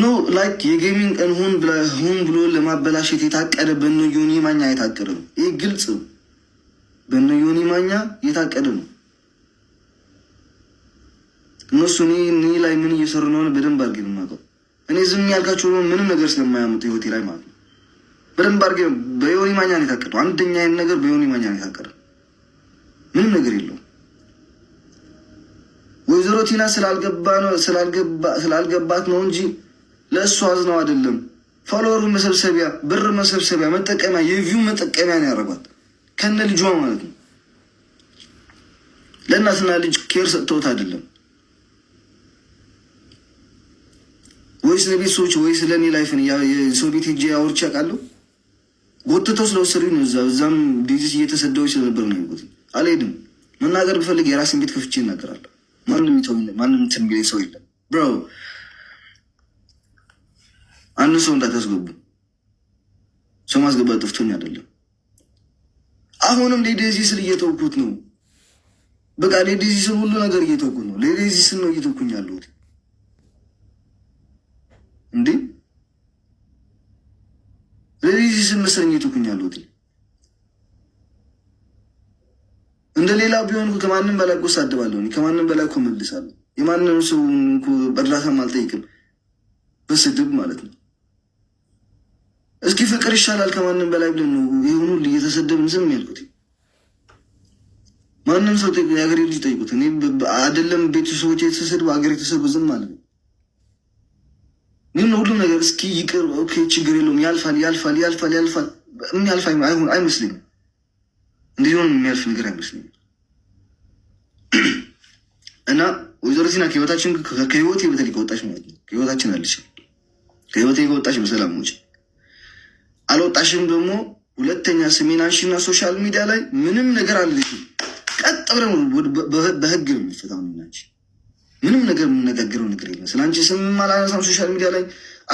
ኖ ላይክ የጌሚንግ እንሁን ሆን ብሎ ለማበላሸት የታቀደ በነ ዮኒ ማኛ የታቀደ ነው። ይህ ግልጽ በነ ዮኒ ማኛ የታቀደ ነው። እነሱ እኔ ላይ ምን እየሰሩ እንደሆነ በደንብ አድርጌ ነው የማውቀው። እኔ ዝም ያልካቸው ምንም ነገር ስለማያመጡ ህይወቴ ላይ ማለት ነው። በደንብ አድርጌ በዮኒ ማኛ ነው የታቀደው። አንደኛ ነገር በዮኒ ማኛ ነው የታቀደ፣ ምንም ነገር የለውም። ወይዘሮ ቲና ስላልገባ ነው ስላልገባት ነው እንጂ ለእሱ አዝነው አይደለም። ፎሎወር መሰብሰቢያ፣ ብር መሰብሰቢያ፣ መጠቀሚያ፣ የቪው መጠቀሚያ ነው ያደረጓት ከነ ልጇ ማለት ነው። ለእናትና ልጅ ኬር ሰጥተውት አይደለም ወይስ ለቤት ሰዎች ወይስ ለእኔ ላይፍን ሰው ቤት ሄጄ አውርቼ አውቃለሁ። ጎትተው ስለወሰዱ ነው። እዛም ዲዚስ እየተሰደው ስለነበር ነው ይጎት አልሄድም። መናገር ብፈልግ የራሴን ቤት ከፍቼ እናገራለሁ። ማንም ማንም ትንቢሌ ሰው የለም ብሮ አንድ ሰው እንዳታስገቡ። ሰው ማስገባት ጠፍቶኝ አይደለም። አሁንም ሌዴዚ ስል እየተውኩት ነው። በቃ ሌዴዚ ስል ሁሉ ነገር እየተውኩት ነው። ሌዴዚ ስል ነው እየተውኩኝ ያለሁት እንዴ ሌዴዚ ስል መሰለኝ እየተውኩኝ ያለሁት። እንደ ሌላ ቢሆን ከማንም በላይ እኮ ሳድባለሁ። ከማንም በላይ እኮ መልሳለሁ። የማንም ሰው እርዳታም አልጠይቅም፣ በስድብ ማለት ነው። እስኪ ፍቅር ይሻላል ከማንም በላይ ብለን ነው ይሁኑ እየተሰደብን ዝም ያልኩት። ማንም ሰው የአገሬ ልጅ ጠይቁት። እኔ ቤቱ ሰዎች የተሰደቡ አገሬ የተሰደቡ ዝም አለ። ግን ሁሉም ነገር እስኪ ይቅር፣ ኦኬ፣ ችግር የለውም፣ ያልፋል፣ ያልፋል፣ ያልፋል፣ ያልፋል። የሚያልፍ አይሆን አይመስለኝም። እንዲህ ሆን የሚያልፍ ነገር አይመስለኝም። እና ወይዘሮ ቲና ከህይወታችን ከህይወት በተለይ ከወጣች ማለት ነው ከህይወታችን አለች ከህይወት ከወጣች በሰላም ውጭ አልወጣሽም ደግሞ ሁለተኛ ስሜን አንሺና ሶሻል ሚዲያ ላይ ምንም ነገር አልልሽም። ቀጥ ብለን በህግ ነው የሚፈታው። ምንም ነገር የምነጋግረው ነገር የለም። ስለ አንቺ ስም አላነሳም፣ ሶሻል ሚዲያ ላይ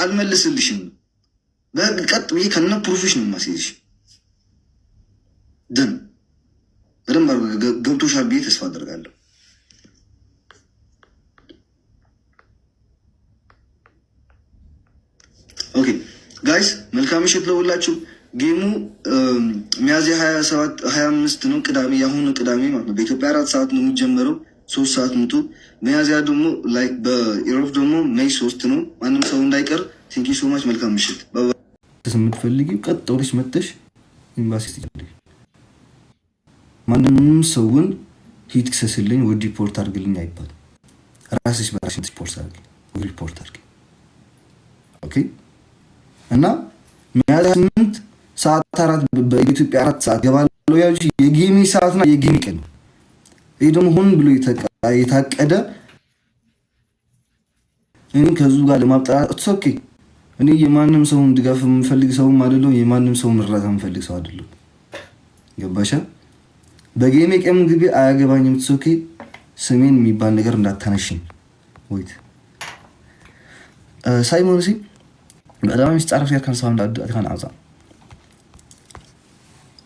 አልመልስልሽም። በህግ ቀጥ ብዬ ከነ ፕሩፍሽ ነው የማስይዝሽ። ደን በደንብ ገብቶሻል ብዬ ተስፋ አደርጋለሁ። ኦኬ ጋይስ መልካም ምሽት ለሁላችሁ። ጌሙ ሚያዝያ ሀያ ሰባት ሀያ አምስት ነው ቅዳሜ፣ የአሁኑ ቅዳሜ ማለት ነው። በኢትዮጵያ አራት ሰዓት ነው የሚጀመረው፣ ሶስት ሰዓት ምቱ። ሚያዝያ ደግሞ ላይክ በኢሮፕ ደግሞ ሜይ ሶስት ነው። ማንም ሰው እንዳይቀር። ቴንኪ ሶማች መልካም ምሽት። የምትፈልጊው ቀጥ ብለሽ መጥተሽ ኤምባሲ ማንንም ሰውን ሂድ ክሰስልኝ ወይ ሪፖርት አድርግልኝ አይባል። ራስሽ በራስሽ ሪፖርት አድርግ፣ ሪፖርት አድርግ። ኦኬ እና ሚያዝያ ስምንት ሰዓት አራት በኢትዮጵያ አራት ሰዓት ገባለው። ያ የጌሚ ሰዓትና የጌሚ ቀን ይህ ደግሞ ሆን ብሎ የታቀደ እኔ ከዙ ጋር ለማብጠራት ኦኬ። እኔ የማንም ሰውን ድጋፍ የምፈልግ ሰውም አይደለሁም፣ የማንም ሰው እርዳታ የምፈልግ ሰው አይደለሁም። ገባሻ? በጌሜ ቀም ግቢ አያገባኝም። ትሶኬ ስሜን የሚባል ነገር እንዳታነሽኝ። ወይት ሳይሞን ምዕራባ ሚስት ጻረፍ ጋር ከንሰባ ዳትካን አዛ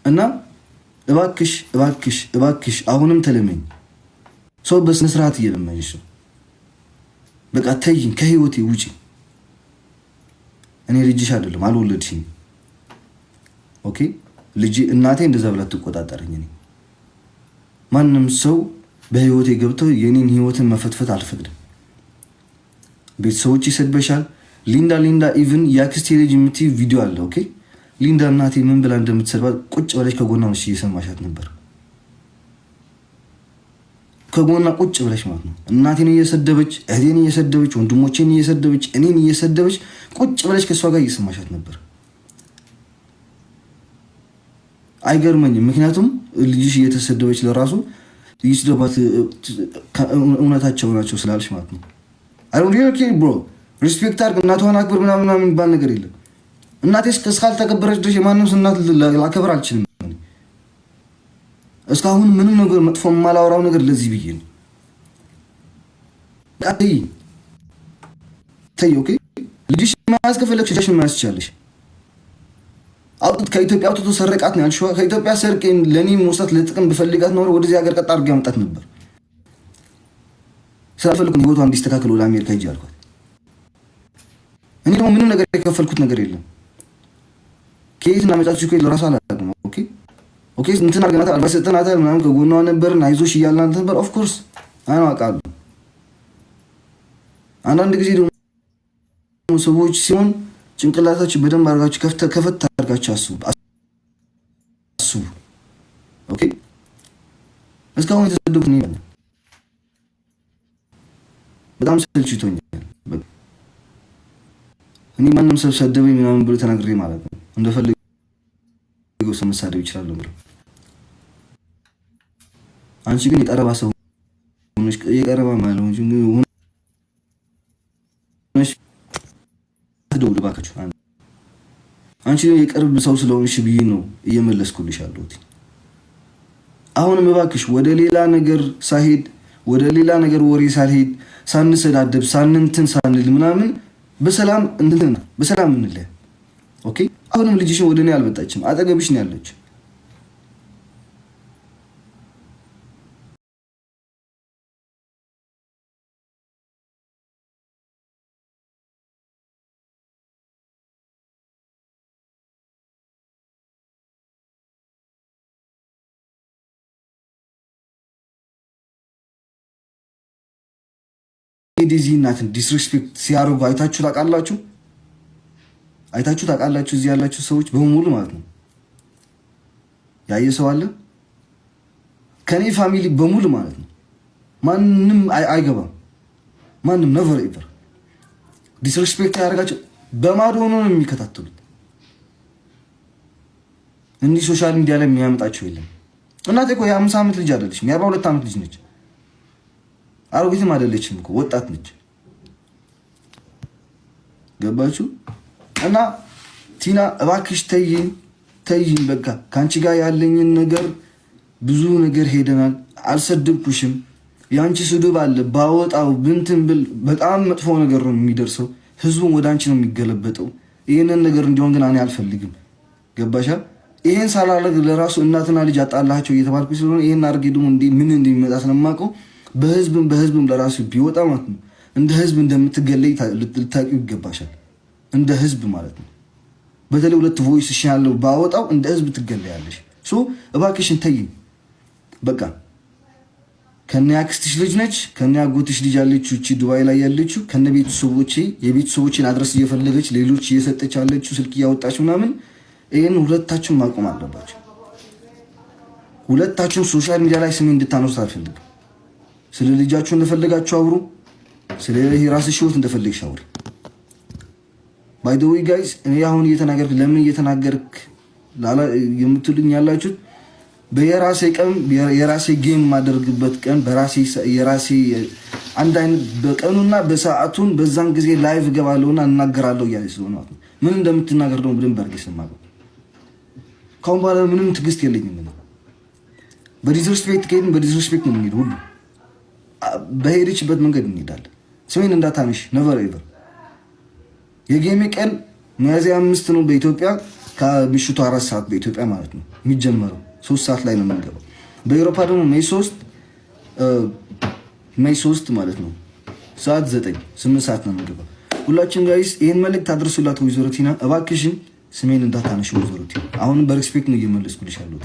እና እባክሽ እባክሽ እባክሽ አሁንም ተለመኝ። ሰው በስነስርዓት እየለመኝሽ ነው። በቃ ተይኝ፣ ከህይወቴ ውጪ። እኔ ልጅሽ አይደለም አልወለድሽኝ። ኦኬ ልጅ እናቴ እንደዛ ብላ ትቆጣጠረኝ። እኔ ማንም ሰው በህይወቴ ገብተው የኔን ህይወትን መፈትፈት አልፈቅድም። ቤተሰቦች ይሰድበሻል ሊንዳ ሊንዳ ኢቭን የአክስቴ ልጅ የምትይ ቪዲዮ አለ። ኦኬ ሊንዳ እናቴ ምን ብላ እንደምትሰድባት ቁጭ ብለሽ ከጎና ነሽ እየሰማሻት ነበር። ከጎና ቁጭ ብለሽ ማለት ነው። እናቴን እየሰደበች እህቴን እየሰደበች ወንድሞቼን እየሰደበች እኔን እየሰደበች ቁጭ ብለሽ ከእሷ ጋር እየሰማሻት ነበር። አይገርመኝም። ምክንያቱም ልጅሽ እየተሰደበች ለራሱ እየሰደባት እውነታቸው ናቸው ስላለሽ ማለት ነው። አይ ዶንት ኬር ብሮ ሪስፔክት አድርግ፣ እናቷን አክብር ምናምን ምናምን የሚባል ነገር የለም። እናቴ እስካልተከበረች ድረስ የማንም እናት ላከብር አልችልም። እስካሁን ምንም ነገር መጥፎ የማላወራው ነገር ለዚህ ብዬ ነው። ተይ ኦኬ። ልጅሽ መያዝ ከፈለግሽ ልጅሽን መያዝ ትችላለሽ። አውጥት ከኢትዮጵያ አውጥቶ ሰረቃት ነው ያልሽው። ከኢትዮጵያ ሰርቄ ለእኔ መውሰት ለጥቅም ብፈልጋት ኖሮ ወደዚህ ሀገር ቀጥ አድርጌ አመጣት ነበር። ስላልፈልኩ ህይወቷ እንዲስተካከል ወደ አሜሪካ ሂጅ አልኳት። እኔ ደግሞ ምንም ነገር የከፈልኩት ነገር የለም። ከየት እናመጣችሁ እኮ ለራሱ አላውቅም። ኦኬ ኦኬ፣ እንትን አድርገናታል፣ አልባስ ሰጠናታል፣ ምናምን ከጎኗ ነበርን፣ አይዞሽ እያልናት ነበር። ኦፍኮርስ አይነው አውቃለሁ። አንዳንድ ጊዜ ደግሞ ሰዎች ሲሆን ጭንቅላታችሁ በደንብ አድርጋችሁ ከፈት አድርጋችሁ አስቡ አስቡ። ኦኬ እስካሁን የተሰደቡት በጣም ሰልችቶኛል። እኔ ማንም ሰው ሰደበኝ ምናምን ብሎ ተናግሬ ማለት ነው እንደፈለገው ሰው መሳደብ ይችላል። አንቺ ግን የቀረባ ሰው የቀረባ ማለው ደውል አንቺ የቅርብ ሰው ስለሆንሽ ብዬ ነው እየመለስኩልሽ ያለሁት። አሁንም እባክሽ ወደ ሌላ ነገር ሳሄድ ወደ ሌላ ነገር ወሬ ሳልሄድ ሳንሰዳደብ ሳንንትን ሳንል ምናምን በሰላም እንትን በሰላም እንለህ። ኦኬ። አሁንም ልጅሽን ወደ እኔ አልመጣችም፣ አጠገብሽ ነው ያለችው። ኤዲዚ እናትን ዲስሪስፔክት ሲያደርጉ አይታችሁ ታውቃላችሁ? አይታችሁ ታውቃላችሁ? እዚህ ያላችሁ ሰዎች በሙሉ ማለት ነው። ያየ ሰው አለ? ከኔ ፋሚሊ በሙሉ ማለት ነው። ማንም አይገባም። ማንም ነቨር ኤቨር ዲስሪስፔክት ያደርጋቸው። በማዶ ሆኖ ነው የሚከታተሉት። እንዲህ ሶሻል ሚዲያ ላይ የሚያመጣቸው የለም። እናቴ እኮ የአምስት ዓመት ልጅ አይደለችም፣ የአርባ ሁለት ዓመት ልጅ ነች። አሮጊትም አይደለችም እኮ ወጣት ነች። ገባችሁ? እና ቲና እባክሽ ተይኝ ተይኝ፣ በቃ ከአንቺ ጋር ያለኝን ነገር ብዙ ነገር ሄደናል። አልሰደብኩሽም። የአንቺ ስድብ አለ ባወጣው ብንትን ብል በጣም መጥፎ ነገር ነው የሚደርሰው። ህዝቡን ወደ አንቺ ነው የሚገለበጠው። ይህንን ነገር እንዲሆን ግን እኔ አልፈልግም። ገባሻ? ይህን ሳላረግ ለራሱ እናትና ልጅ አጣላቸው እየተባልኩ ስለሆነ ይህን አድርጌ ደግሞ ምን እንደሚመጣ ስለማውቀው በህዝብም በህዝብም ለራሱ ቢወጣ ማለት ነው እንደ ህዝብ እንደምትገለይ ልታቂው ይገባሻል። እንደ ህዝብ ማለት ነው። በተለይ ሁለት ቮይስ ሽ ያለው ባወጣው እንደ ህዝብ ትገለያለሽ። ሶ እባክሽን ተይኝ በቃ። ከነ ያክስትሽ ልጅ ነች፣ ከነ ያጎትሽ ልጅ ያለችው እቺ ዱባይ ላይ ያለችው ከነ ቤተሰቦች የቤተሰቦችን አድረስ እየፈለገች ሌሎች እየሰጠች ያለችው ስልክ እያወጣች ምናምን፣ ይህን ሁለታችሁን ማቆም አለባቸው። ሁለታችሁም ሶሻል ሚዲያ ላይ ስሜ እንድታነሱት አልፈልግም። ስለ ልጃችሁ እንደፈለጋችሁ አውሩ። ስለ የራስሽ ህይወት እንደፈለግሽ አውሪ። ባይ ዘ ዌይ ጋይስ እኔ አሁን እየተናገርክ ለምን እየተናገርክ የምትሉኝ ያላችሁት በየራሴ ቀን የራሴ ጌም የማደርግበት ቀን በራሴ የራሴ አንድ አይነት በቀኑና በሰዓቱን በዛን ጊዜ ላይቭ እገባለሁና እናገራለሁ እያለ ስለሆነ ምን እንደምትናገር ደግሞ በደንብ አድርጌ ስለማውቀው ካሁን በኋላ ምንም ትግስት የለኝም። በዲስሪስፔክት ከሄድን በዲስሪስፔክት ነው የምንሄድ ሁሉ በሄደችበት መንገድ እንሄዳለን። ስሜን እንዳታነሽ ነቨር ኤቨር። የጌሜ ቀን ሚያዝያ አምስት ነው በኢትዮጵያ ከምሽቱ አራት ሰዓት በኢትዮጵያ ማለት ነው የሚጀመረው። ሶስት ሰዓት ላይ ነው የምንገባው። በኤሮፓ ደግሞ ሜይ ሶስት ሜይ ሶስት ማለት ነው ሰዓት ዘጠኝ ስምንት ሰዓት ነው የምንገባው። ሁላችን ጋይስ ይህን መልእክት አድርሱላት ወይዘሮ ቲና እባክሽን ስሜን እንዳታነሽ ወይዘሮ ቲና። አሁንም በሪስፔክት ነው እየመለስኩልሻለሁ።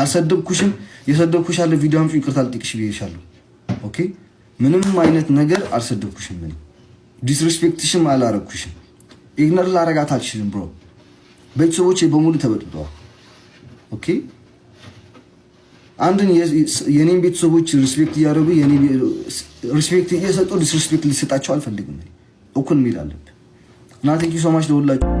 አልሰደብኩሽም። የሰደብኩሽ አለ ቪዲዮ አምጪው ይቅርታ ልጠይቅሽ ብዬሻለሁ። ኦኬ ምንም አይነት ነገር አልሰደብኩሽም። ምን ዲስሪስፔክትሽም አላረኩሽም ኢግኖር ላረጋት አልችልም ብሮ። ቤተሰቦች በሙሉ ተበጥጠዋል። ኦኬ አንድን የኔን ቤተሰቦች ሪስፔክት እያደረጉ ሪስፔክት እየሰጡ ዲስሪስፔክት ሊሰጣቸው አልፈልግም። እኩል ሚል አለብ እና ቴንኪ ሶማች ለሁላችሁ